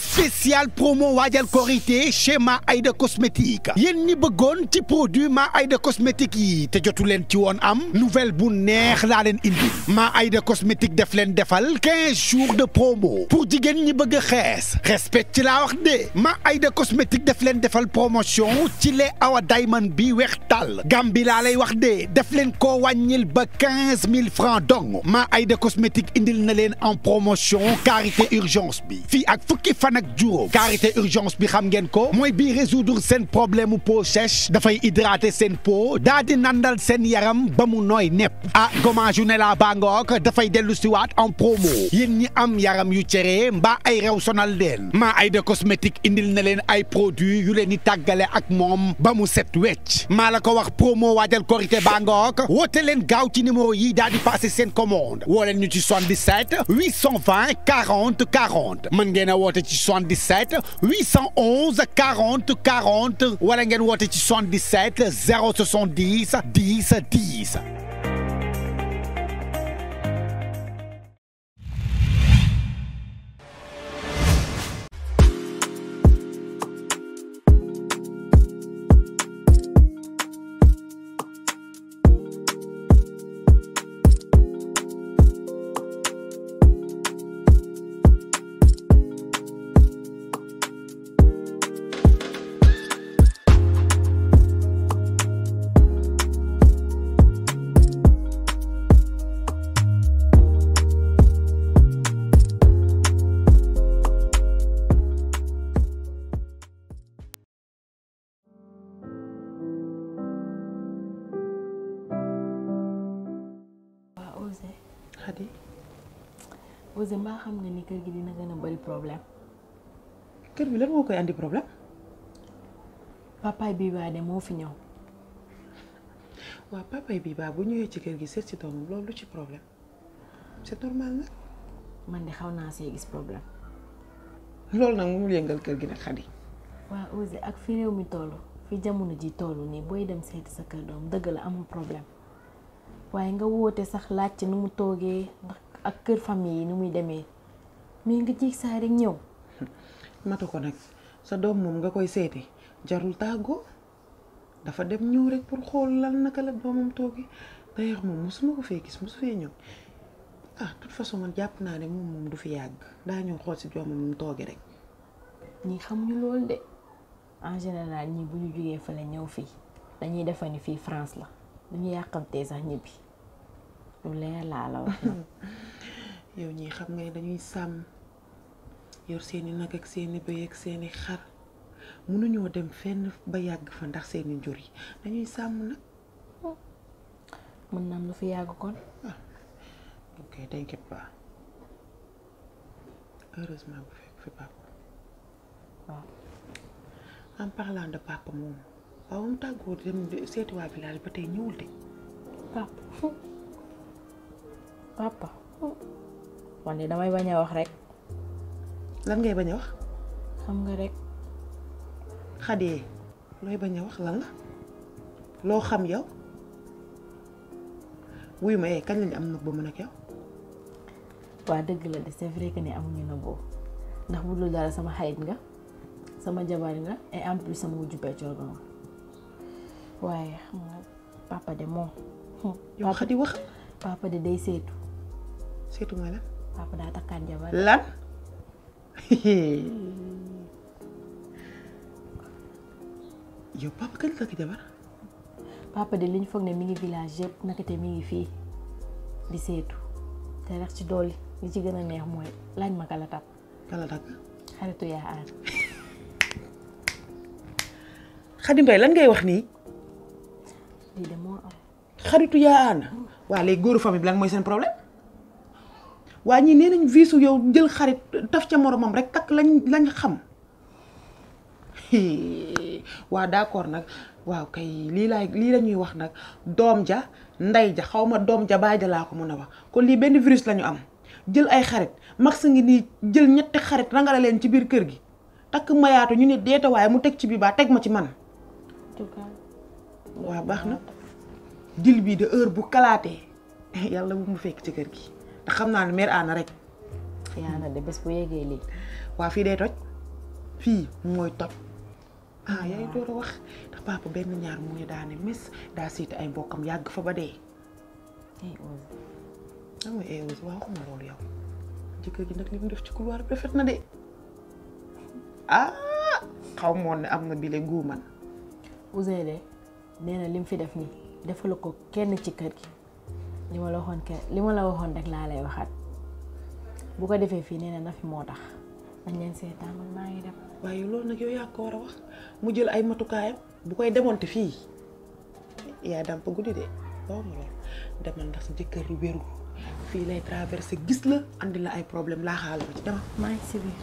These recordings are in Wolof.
spécial promo waajal korité chez Ma Aïda cosmétique Yen ni beugone ci produit Ma Aide cosmétique yi te jotou len ci won am nouvelle bu neex la len indi Ma Aide cosmétique def len defal 15 jours de promo pour jigéen ni beug a respect ci la wax de Ma Aide cosmétique def len defal promotion ci les Awa Diamond bi weex tàll gam bi lay wax de def len ko wagnil ba 15000 francs dong Ma Aide cosmétique indil na len en promotion carité urgence bi Fi ak fukki Carité fan ak moi karité urgence bi xam ko résoudre sen problème ou peau sèche fay hydrater sen peau dadi nandal sen yaram ba noy nep. nepp ah gommage yu ne laa baa ngook en promo Yen ni am yaram yu tiéré mba ay rew sonal Ma Ma ay de cosmétique indil na leen ay produits yu leni tagalé ak mom set ko wax promo waajal carité Bangok. ngook len gaaw ci numéro yi dadi passer sen commande ñu ci 77 820 40 40 ci 77 811 40 40 wala ngeen woote ci 77 070 10 10. Ouzin mbaa xam nga ni kër gi dina gën a bari problème. kër bi lan moo koy andi problème. papaay Biba de moo fi ñëw. papa papaay Biba bu ñëwee ci kër gi seet si doomam loolu ci problème c'est normal nag. man de xaw naa see gis problème. loolu nag mu yëngal kër gi nag xadi. waa Ouzin ak fi réew mi toll fi jamono ji toll nii booy dem seeti sa kër doom dëgg la amul problème waaye nga woote sax laaj ci nu ndax ak kër famille yi ni muy demee mais nga jéeg saa rek ñëw. matu ko nag sa doom moom nga koy seeti jarul tàggoo dafa dem ñëw rek pour xool lan naka la doomam toogi d'ailleurs moom mosuma ko fee gis mosu ñëw ah toute façon jàpp naa ne moom moom du fi yàgg daa ñëw xool si doomam mu toogi rek. ñi xamuñu loolu de en général ñi bu ñu jógee fa la ñëw fii dañuy defani fii France la du ñu yàqamtee sax ñibbi. lu leer laa la wax yow ñii xam nga ne dañuy sàmm yor seeni nag ak seeni bëy ak seeni xar mënuñoo dem fenn ba yàgg fa ndax seeni njur yi dañuy sàmm nag mën na am fi yàgg kon ah, ok heureusement bu fekk fi papa waaw en parlant de moom waaw mu tàggoo dem seeti waa ba tey ñëwul de apa? Wanita namanya banyak wah rek. lan gak banyak wah? kamu gak rek. xadee lo bañ banyak wah lan lo ham ya wuih mah eh kan am bu mana kau yow. waa de c'est kan que ne amuñu Nah bulu darah sama xarit nga sama jabar nga Eh am plus sama wujju peccoor nga Wah xam ya, papa demo. moom. yow xadi papa de day seetu papa daa takkaat jabar lan. yow papa kañ takk jabar. papa de li ñu foog ne mi ngi village yëpp naka te mi ngi fii di seetu te rex ci dolli li ci gën a neex mooy laaj ma kala tàpp. kala xaritu yaa aar. Xadi Mbaye lan ngay wax nii. lii de xaritu yaa aar waa léegi góoru famille bi lan mooy seen problème. waa ñi nañ visu yow jël xarit taf ca moromam rek tak lañ lañ xam waa d'accord nak waaw kay li laay li la wax nak dom ja nday ja xawma dom ja baay ja ko mëna wax ko li benn virus la am jël ay xarit max ngi ni jël ñetti xarit rangala leen ci biir kër gi tak mayatu ñu ni deeta way mu tek ci bi ba tek ma ci man wa baxna bi de heure bu kalaté yalla bu mu fekk ci kër gi te xam naa ne mère Anna rek. yàlla de bés bu yéegee lii. waa fii day toj fii mooy toj. ah yaay door a wax ndax papa benn ñaar mu ngi daane mis daa siite ay mbokkam yàgg fa ba dee. ay eh, Ouzou. Ah, eh, gi nag ci couloir na de ah xaw moon ne am na bile guuman. Ouzou de nee na fi def nii defalu ko kenn ci kër gi. li ma la waxoon ke li ma la waxoon rek laa lay waxaat bu ko defee fii nee na fi moo tax dañ leen seetaan man maa ngi dem. waaye loolu nag yow yaa a wax mu jël ay matukaayam bu koy demonte fii yaa dàmp guddi de waaw ma demal ndax sa jëkkër lu fii lay traversé gis la andi la ay problème laa xaal maa ngi si biir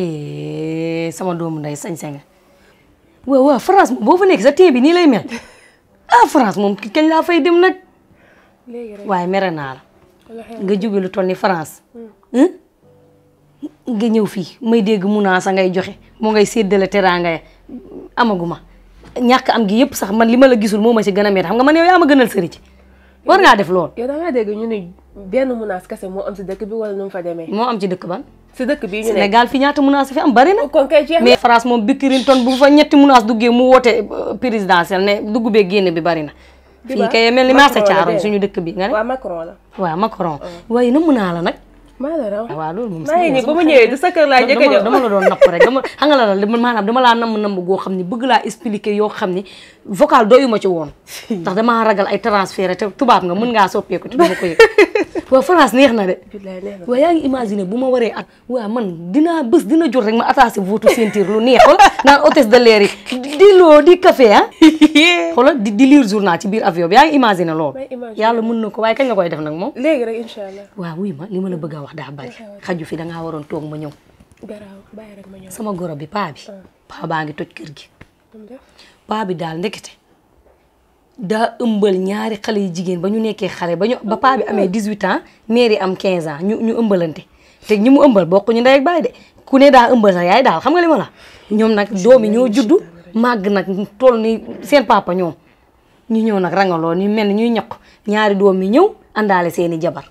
eh, sama doomu ndey sañ-sañ waaw waaw France moom boo fa nekk sa teen bi nii lay mel a ah, France moom ki kañ laa fay dem nag. waaye mere naa la. nga jóge lu toll ni France. Hmm. Hmm? nga ñëw fii may dégg munaasa ngay joxe moo ngay séddale teraanga ya amaguma ñàkk am gi yëpp sax man li ma la gisul moo ma si gën a métti xam nga man yow yaa gënal sëri war ngaa def lool. yow ñu benn munaas kese moo am dëkk bi wala nu fa demee. moo am ci dëkk ban. si dëkk bi ñu ne Sénégal fi ñaata menace fi am bari na. kon kay jeex mais France moom Bikirinton bu fa ñetti menace duggee mu woote euh, présidentielle ne dugg bee génn bi bari na. fii kay mel ni marché caaroon suñu dëkk bi nga ne. waaw Macron la waaye na mën naa la nag. maa la raw ah, waaw loolu moom. maa ngi nii ba ma ñëwee du sa kër laa njëkk a doon napp rek dama xam nga la la maanaam dama laa namm namm goo xam ne bëgg laa expliquer yoo xam ne vocal doyuma ci woon. ndax damaa ragal ay transfert te tubaab nga mën ngaa soppeeku te dama France neex na de. waaw yaa ngi imaginer bu ma waree at. waaw man dinaa bés dina jot rek ma attaché votre ceinture lu neex xool naan hôtesse de l'air yi di loo di café ah. xoolal di di lire journal ci biir avion bi yaa ngi imaginer loolu. yàlla mën na ko waaye kañ nga koy def nag moom. léegi rek incha wax daa bari xaju fi dangaa waroon toog ma ñëw sama goro bi paa bi ah. paa baa ngi toj kër gi paa bi daal ndekete daa ëmbal ñaari xale yu jigéen ba ñu nekkee xale ba ñu ba paa bi amee 18 ans mairie am 15 an ñu ñu ëmbalante te ñi mu ëmbal bokk ñu ndey ak baay de ku ne daa ëmbal sax yaay daal xam nga li ma ñoom nag doomi ñoo juddu màgg nag toll ni seen papa ñoom ñu ñëw nag rangaloo ñu mel ni ñuy ñaq ñaari doom yi ñëw àndaale seeni jabar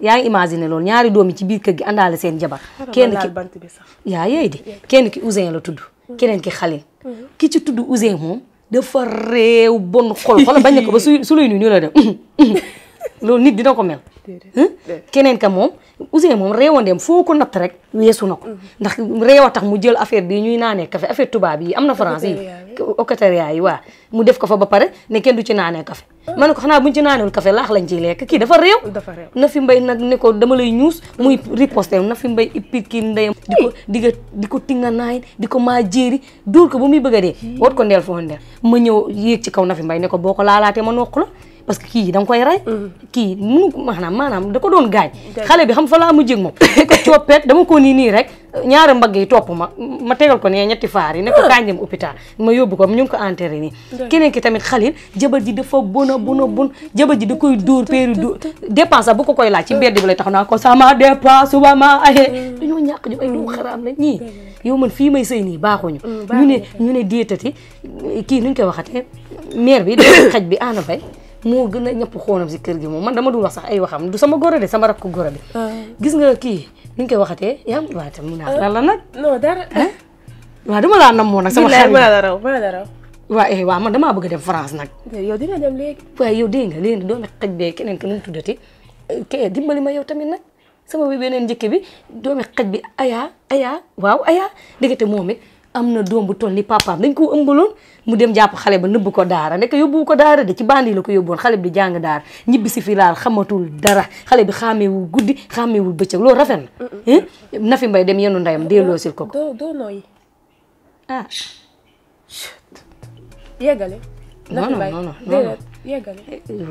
yaa ngi imaginer loolu ñaari doom yi ci biir kër gi àndaale seen jabar kenn ki yaa yooyu de kenn ki Ousin la tudd mm-hmm. keneen ki Xalil mm-hmm. ki ci tudd Ousin moom dafa réew bon xol xol bañ ne ko ba su suy nuy ñu la loolu nit di dina ko mel. keneen ka moom Ouzin moom réewandeem foo ko natt rek weesu na ko. Mm-hmm. ndax réewa tax mu jël affaire bi ñuy naanee kafe affaire tubaab yi am na France yi. occatéria yi waaw mu def ko fa ba pare ne kenn du ci naanee café. ma ne ko xanaa buñ ci naanewul café laax lañ ciy lekk kii dafa réew. dafa réew fi mbay nag ne ko dama lay ñuus muy riposté na fi mbay ipit kii ndeyam. di ko di ko di ko tinga naay di ko maa jéeri dóor ko ba muy bëgg de dee. woot ko ndeel foo ma ñëw yéeg ci kaw na fi mbay ne ko boo ko laalaatee ma noq la parce que kii da nga koy rey mm-hmm. kii munu maanaam maanaam da ko doon gaañ xale bi xam fa laa mujjee moom di ko coppeet dama ko nii nii rek ñaari mbagg yi topp ma ma tegal ko ne ñetti faar yi ne ko ah. kañ ma yóbbu ko ñu ngi ko enterré nii keneen ki tamit xalil jabar ji dafa bon a bon a ji da koy dóor péeri dóor bu ko koy laaj ci mbedd lay taxaw naa ko sama dépense suba ma aye mm. dañoo ñàkk ñu ay doomu xaraam la yow man fii may sëy nii baaxuñu mm, ñu ne ñu ne déetati kii nuñ koy waxate maire bi da xaj bi ana fay moo gëna ñëpp xoonam ci kër gi moom man dama dul wax sax ay waxam du sama goro de sama rak ko goro bi ah. gis nga ki ni nga koy waxatee yaa ngi waatam mu naa ah. lan la nak ah, no dara wa dama laa namoo nak sama xarit ma la raw ma la raw wa eh wa man dama bëgg dem France nak. Eh, yow dina dem léegi wa yow dinga nga do doomi xaj bee keneen ko nu tuddati kee dimbali ma yow tamit nak sama wi benen njëkk bi doomi xaj bi aya Aya, waaw aya diggante momit am na doom bu toll ni papaam dañ ko ëmbaloon mu dem jàpp xale ba nëbb ko daara nekk yóbbu ko daara de ci bandi la ko yóbbuwoon xale bi di jàng daara ñibbi si fi laal xamatul dara xale bi xàmmeewul guddi xàmmeewul bëccëg loo rafet na. Eh? Nafi Mbay dem yenu ndeyam delloo sil ko ko. yeggal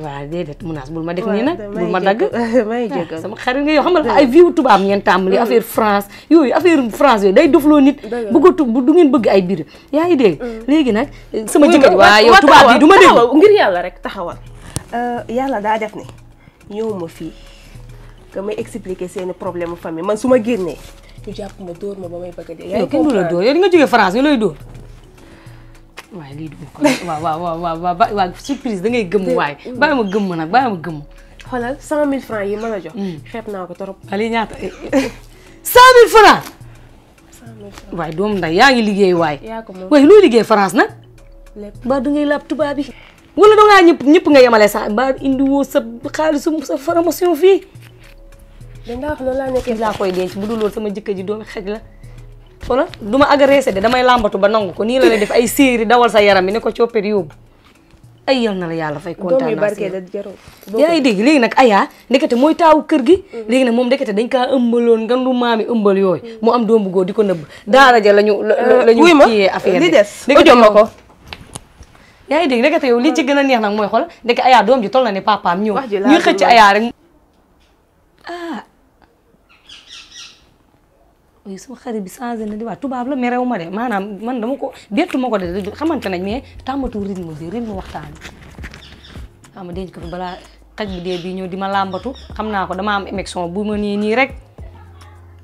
waaw déedéet menace bul ma def nii nag bul ma dagg may jégal sama xarit nga yoo xamal ay viw tubaab ngeen tàmbali affaire France yooyu affaire France yooyu day dofloo nit bëggatu du ngeen bëgg ay biir yaa ngi dégg léegi nag sama jëkkër waaw yow tubaab bi du ma dégg ngir yàlla rek taxawal eh, yàlla ya daa def ne ñëw ma fii nga may expliquer seeni problème famille man su ma génnee ñu jàpp ma dóor ma ba bëgg a dee kenn du la dóor nga jógee France yo lay dóor waaye lii dugg ko waaw surprise da ngay gëmm waaye bàyyi ma gëmm nag bàyyi ma gëmm. xoolal cent mille francs yi ma la jox. Hmm. xeeb naa ko trop. Aliou ñaata cent mille francs. waaye doom nday yaa ngi liggéey waaye. yaa ko moom waaye looy liggéey France nag. lépp ba da ngay laab tubaab yi. wala da ngaa ñëpp ñëpp nga yemale sa ba indi woo sa xaalisum sa formation fii. dañ laa wax loolu laa nekkee laa koy denc bu dul loolu sama jëkkër ji doomi xaj la. xoolal duma ma agressé de damay lambatu ba nangou ko ni la lay def ay siiri dawal sa yaram ni ne ko coppet yob ay yalla na la yalla fay contane kontaan barké da yaa yaay dégg léegi nak aya ndekete moy taawu kër gi léegi nak mom ndekete dañ ka ëmbaloon gandu du maami ëmbal yooyu mu am dombu go diko neub dara ja lañu lañu kiyee affaire bi ndekete ma ko yaa ngi dégg ndekete yow li ci gëna neex nak moy xol ndekete aya dom ji tol na ne papaam ñëw ñu xëcc aya rek ah ooy sama xarit bi changé na di waa tubaab la merew ma de maanaam man dama ko bettu ma ko de xamante nañ mais tàmbatu rythme bi rythme waxtaan bi xam nga denc ko fi balaa xaj bi ñëw di ma làmbatu xam naa ko dama am émission bu ma nii nii rek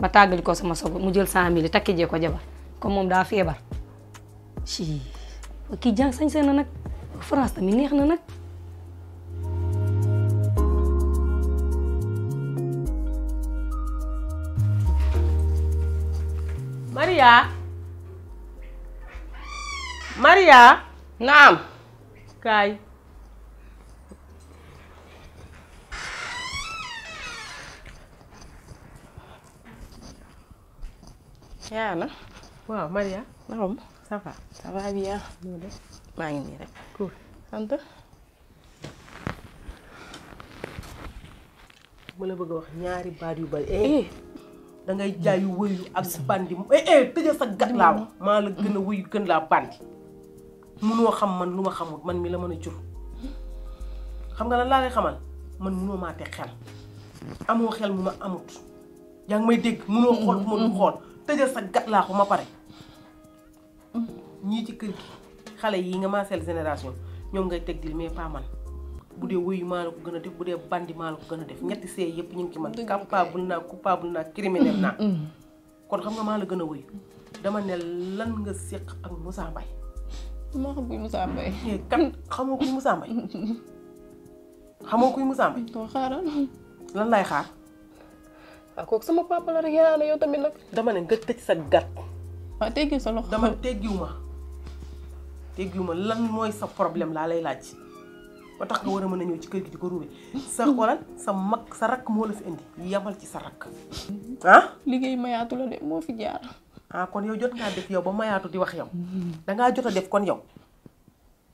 ma tàggali ko sama sogo mu jël cent mille takki jee ko jabar comme moom daa feebar si kii jàng sañ na nag France tamit neex na nag Maria Maria naam kaay yaa na waaw Maria naam ça va ça va maa ngi nii rek cool sant la bëgg wax ñaari baat yu bari eh, eh. da ngay jaayu wëyu ak bandi eh eh tëjal sa gat laa wax maa la gën a wëyu gën laa bandi munoo xam man lu ma xamul man mi la mën a jur xam nga la laa lay xamal man munoo maa te xel amoo xel mu ma amut yaa ngi may dégg munoo xool fu ma du xool tëjal sa gat laa ko ma pare mm. ñii ci kër gi xale yi nga maaseel génération ñoom ngay teg dil mais pas man bu dee wuyu maa la ko gën a def bu dee bandi maa la ko gën a def ñetti see yëpp ñu ngi ci man capable naa coupable naa criminel naa mm. kon xam nga maa la gën a wuyu dama ne lan nga séq ak Moussa Mbaye eh, kan xamoo kuy Moussa Mbaye xamoo kuy Moussa Mbaye doo xaaral lan lay xaar waaw ah, kooku sama papa la rek yaa na yow tamit nag dama ne nga tëj sa gat waaw ah, teggi sa loxo dama teggiwu ma lan mooy sa problème laa lay laaj ba tax nga wara mëna ñëw ci kër gi di ko ruwé sa xolal sa mag sa rak mo la fi indi yamal ci sa rak ah liggéey mayatu la de mo fi jaar ah kon yow jot nga def yow ba mayatu di wax yow da nga a def kon yow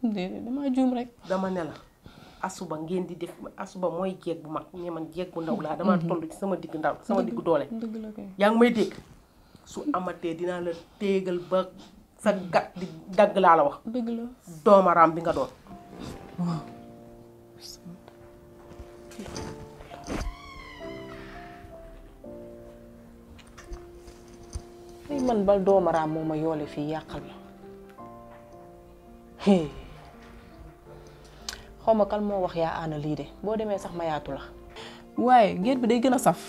dé dama joom rek dama ne asuba ngeen di def asuba moy jeeg bu mag mais man jeeg bu ndaw la dama mhm. toll ci sama digg ndaw sama digg doolé ya ngi may dégg su amaté dina la tégal ba sa gat di dag la la wax deug la ram bi nga doon olsun. ay man bal doomaraam moo ma yoole fii yàqal ma xaw ma kan moo wax yaa aana lii de boo demee sax ma yaatu la waaye géer bi day gën a saf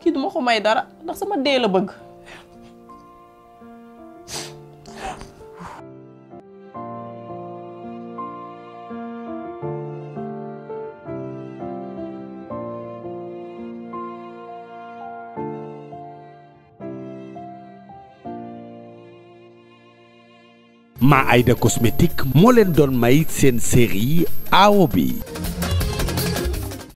kii duma ko may dara ndax sama dee la bëgg Ma Aïda cosmétique moo leen doon may seen yi awo bi